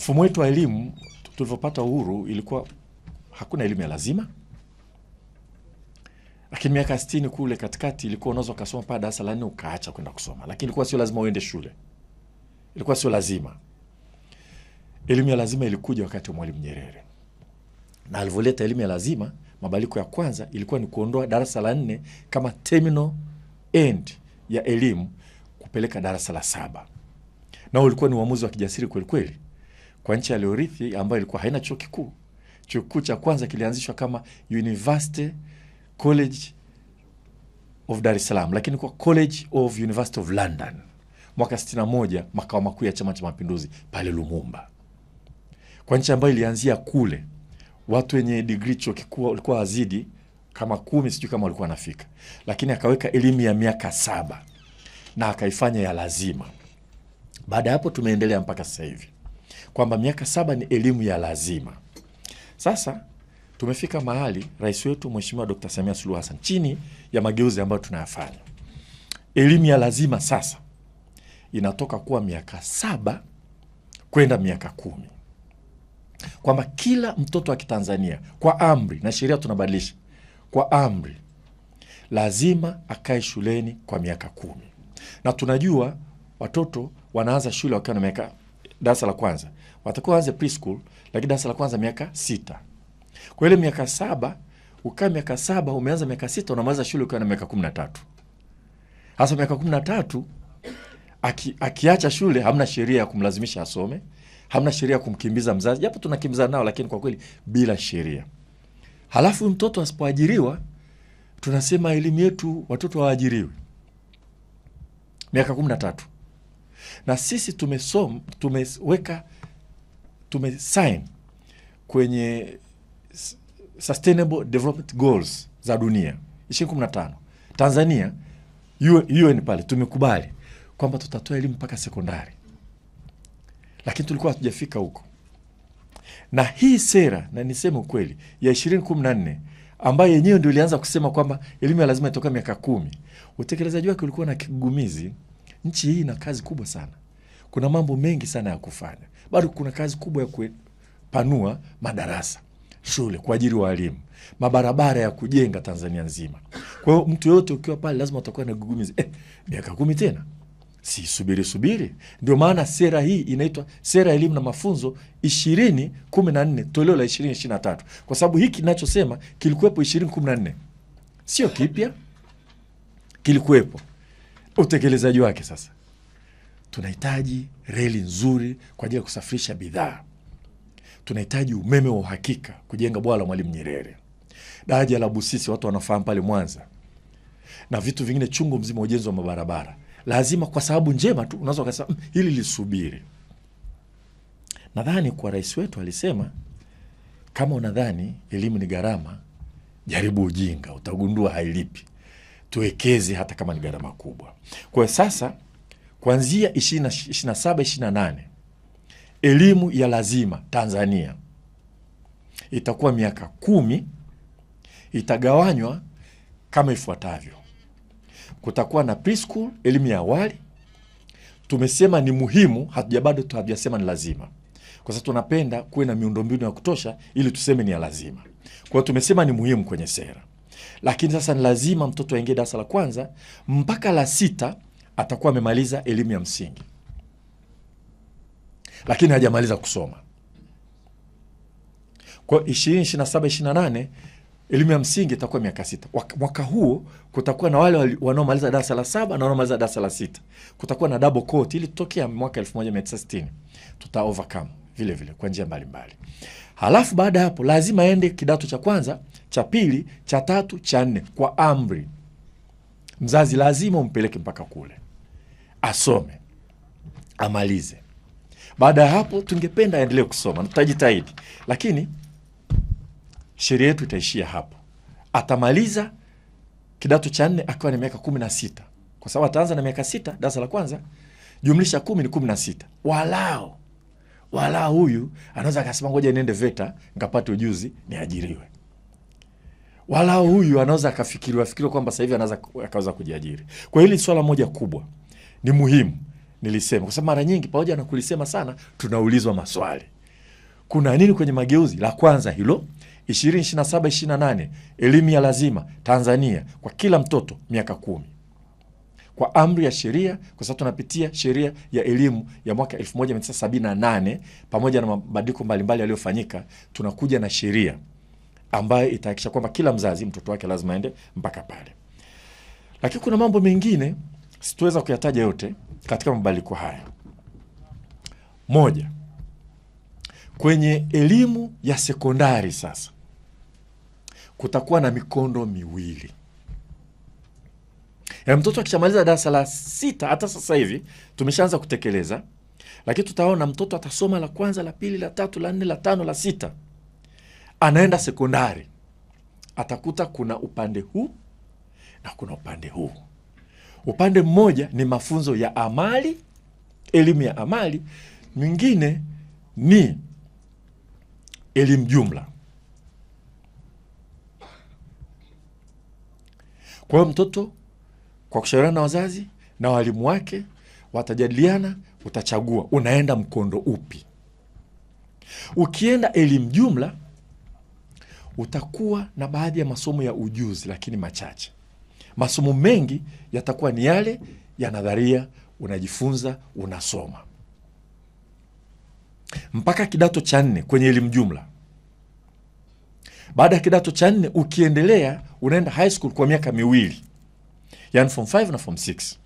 Mfumo wetu wa elimu tulivyopata uhuru ilikuwa hakuna elimu ya lazima, lakini miaka sitini kule katikati ilikuwa unaweza ukasoma mpaka darasa la nne ukaacha kwenda kusoma, lakini ilikuwa sio lazima uende shule, ilikuwa sio lazima. Elimu ya lazima ilikuja wakati wa Mwalimu Nyerere, na alivyoleta elimu ya lazima, mabadiliko ya kwanza ilikuwa ni kuondoa darasa la nne kama terminal end ya elimu kupeleka darasa la saba, nao ulikuwa ni uamuzi wa kijasiri kwelikweli kweli kwa nchi aliyorithi ambayo ilikuwa haina chuo kikuu. Chuo kikuu cha kwanza kilianzishwa kama University College of Dar es Salaam, lakini kwa College of University of London mwaka 61, makao makuu ya Chama cha Mapinduzi pale Lumumba, kwa nchi ambayo ilianzia kule. Watu wenye digri chuo kikuu walikuwa wazidi kama kumi, sijui kama walikuwa wanafika, lakini akaweka elimu ya miaka saba na akaifanya ya lazima. Baada ya hapo tumeendelea mpaka sasa hivi kwamba miaka saba ni elimu ya lazima. Sasa tumefika mahali rais wetu Mheshimiwa Dr. Samia Suluhu Hassan chini ya mageuzi ambayo tunayafanya, elimu ya lazima sasa inatoka kuwa miaka saba kwenda miaka kumi, kwamba kila mtoto wa Kitanzania kwa amri na sheria tunabadilisha kwa amri lazima akae shuleni kwa miaka kumi, na tunajua watoto wanaanza shule wakiwa na miaka darasa la kwanza, watakuwa waanze preschool, lakini darasa la kwanza miaka sita. Kwa ile miaka saba ukaa miaka saba umeanza miaka sita, unamaliza shule ukiwa na miaka kumi na tatu. Hasa miaka kumi na tatu aki, akiacha shule, hamna sheria ya kumlazimisha asome, hamna sheria ya kumkimbiza mzazi, japo tunakimbiza nao, lakini kwa kweli bila sheria. Halafu mtoto asipoajiriwa, tunasema elimu yetu watoto waajiriwe miaka kumi na tatu na sisi tumesom, tumeweka tumesign kwenye Sustainable Development Goals za dunia 2015 Tanzania UN pale tumekubali kwamba tutatoa elimu mpaka sekondari, lakini tulikuwa hatujafika huko. Na hii sera na niseme ukweli ya 2014 ambayo yenyewe ndio ilianza kusema kwamba elimu ya lazima itoka miaka kumi, utekelezaji wake ulikuwa na kigumizi nchi hii ina kazi kubwa sana, kuna mambo mengi sana ya kufanya. Bado kuna kazi kubwa ya kupanua madarasa, shule, kuajiri walimu, mabarabara ya kujenga Tanzania nzima. Kwa hiyo mtu yoyote ukiwa pale lazima utakuwa na gugumizi eh, miaka kumi tena si subiri subiri. Ndio maana sera hii inaitwa sera ya elimu na mafunzo ishirini kumi na nne toleo la ishirini ishirini na tatu kwa sababu hiki nachosema kilikuwepo ishirini kumi na nne sio kipya, kilikuwepo utekelezaji wake sasa tunahitaji reli nzuri kwa ajili ya kusafirisha bidhaa, tunahitaji umeme wa uhakika, kujenga bwawa la Mwalimu Nyerere, daraja la Busisi watu wanafahamu pale Mwanza, na vitu vingine chungu mzima, ujenzi wa mabarabara. Lazima kwa sababu njema tu unaweza ukasema mm, hili lisubiri. Nadhani kwa rais wetu alisema, kama unadhani elimu ni gharama, jaribu ujinga, utagundua hailipi tuwekeze hata kama ni gharama kubwa. Kwa sasa kuanzia ishirini saba na nane elimu ya lazima Tanzania itakuwa miaka kumi, itagawanywa kama ifuatavyo. Kutakuwa na preschool, elimu ya awali. Tumesema ni muhimu, hatujabado hatujasema ni lazima, kwa sababu tunapenda kuwe na miundombinu ya kutosha ili tuseme ni ya lazima. Kwa hiyo tumesema ni muhimu kwenye sera lakini sasa ni lazima mtoto aingie darasa la kwanza mpaka la sita atakuwa amemaliza elimu ya msingi, lakini hajamaliza kusoma. Kwa ishirini ishirini na saba ishirini na nane elimu ya msingi itakuwa miaka sita. Mwaka huo kutakuwa na wale wanaomaliza darasa la saba na wanaomaliza darasa la sita, kutakuwa na double ili tutokea mwaka 1960 tuta overcome vile vile kwa njia mbalimbali. Halafu baada ya hapo lazima aende kidato cha kwanza, cha pili, cha tatu, cha nne kwa amri. Mzazi lazima umpeleke mpaka kule asome amalize. Baada ya hapo, tungependa aendelee kusoma na tutajitahidi, lakini sheria yetu itaishia hapo. Atamaliza kidato cha nne akiwa na miaka kumi na sita kwa sababu ataanza na miaka sita darasa la kwanza, jumlisha kumi ni kumi na sita walao wala huyu anaweza akasema ngoja niende VETA nikapate ujuzi niajiriwe, wala huyu anaweza akafikiriwa fikiriwa kwamba sasa hivi anaweza akaweza kujiajiri. Kwa hili swala moja kubwa ni muhimu nilisema, kwa sababu mara nyingi pamoja na kulisema sana tunaulizwa maswali, kuna nini kwenye mageuzi? La kwanza hilo 2027 28 elimu ya lazima Tanzania kwa kila mtoto miaka kumi kwa amri ya sheria, kwa sababu tunapitia sheria ya elimu ya mwaka 1978 pamoja na mabadiliko mbalimbali yaliyofanyika, tunakuja na sheria ambayo itahakikisha kwamba kila mzazi mtoto wake lazima aende mpaka pale. Lakini kuna mambo mengine situweza kuyataja yote katika mabadiliko haya. Moja, kwenye elimu ya sekondari sasa kutakuwa na mikondo miwili mtoto akishamaliza darasa la sita, hata sasa hivi tumeshaanza kutekeleza, lakini tutaona mtoto atasoma la kwanza, la pili, la tatu, la nne, la tano, la sita, anaenda sekondari atakuta kuna upande huu na kuna upande huu. Upande mmoja ni mafunzo ya amali, elimu ya amali, mwingine ni elimu jumla. Kwa hiyo mtoto kwa kushauriana na wazazi na walimu wake, watajadiliana, utachagua unaenda mkondo upi. Ukienda elimu jumla, utakuwa na baadhi ya masomo ya ujuzi, lakini machache. Masomo mengi yatakuwa ni yale ya nadharia, unajifunza, unasoma mpaka kidato cha nne kwenye elimu jumla. Baada ya kidato cha nne ukiendelea, unaenda high school kwa miaka miwili yani form 5 na form 6.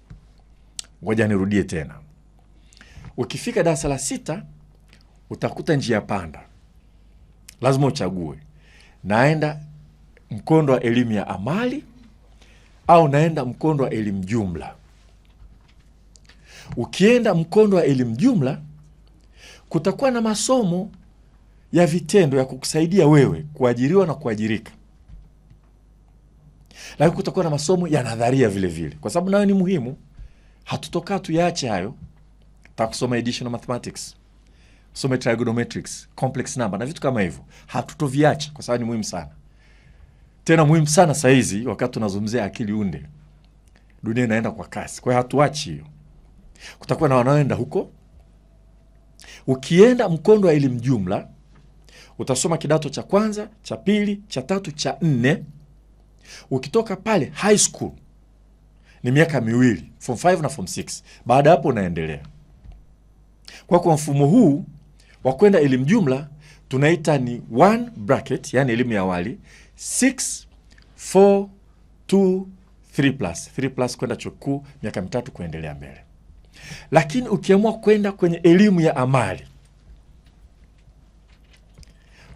Ngoja nirudie tena. Ukifika darasa la sita utakuta njia panda, lazima uchague, naenda mkondo wa elimu ya amali au naenda mkondo wa elimu jumla. Ukienda mkondo wa elimu jumla, kutakuwa na masomo ya vitendo ya kukusaidia wewe kuajiriwa na kuajirika lakini kutakuwa na masomo ya nadharia vile vile, kwa sababu nayo ni muhimu. Hatutokaa tuyaache hayo, takusoma additional mathematics, some trigonometrics, complex number na vitu kama hivyo, hatutoviacha kwa sababu ni muhimu sana, tena muhimu sana saa hizi wakati tunazungumzia akili unde. Dunia inaenda kwa kasi, kwa hiyo hatuachi hiyo. Kutakuwa na wanaoenda huko. Ukienda mkondo wa elimu jumla utasoma kidato cha kwanza, cha pili, cha tatu, cha nne Ukitoka pale high school ni miaka miwili, form 5 na form 6. Baada hapo unaendelea kwa kwa mfumo huu wa kwenda elimu jumla tunaita ni one bracket, yani elimu ya awali 6 4 2 3 3 kwenda chuo kikuu miaka mitatu kuendelea mbele. Lakini ukiamua kwenda kwenye elimu ya amali,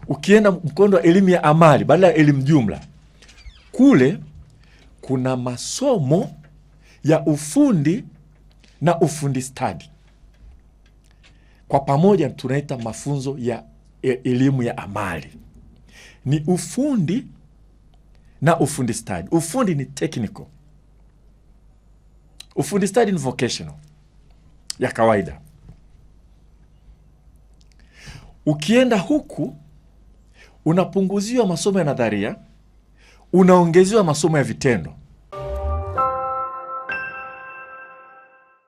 ukienda mkondo wa elimu ya amali badala ya elimu jumla kule kuna masomo ya ufundi na ufundi stadi, kwa pamoja tunaita mafunzo ya elimu ya amali. Ni ufundi na ufundi stadi. Ufundi ni technical, ufundi stadi ni vocational ya kawaida. Ukienda huku unapunguziwa masomo ya nadharia unaongezewa masomo ya vitendo.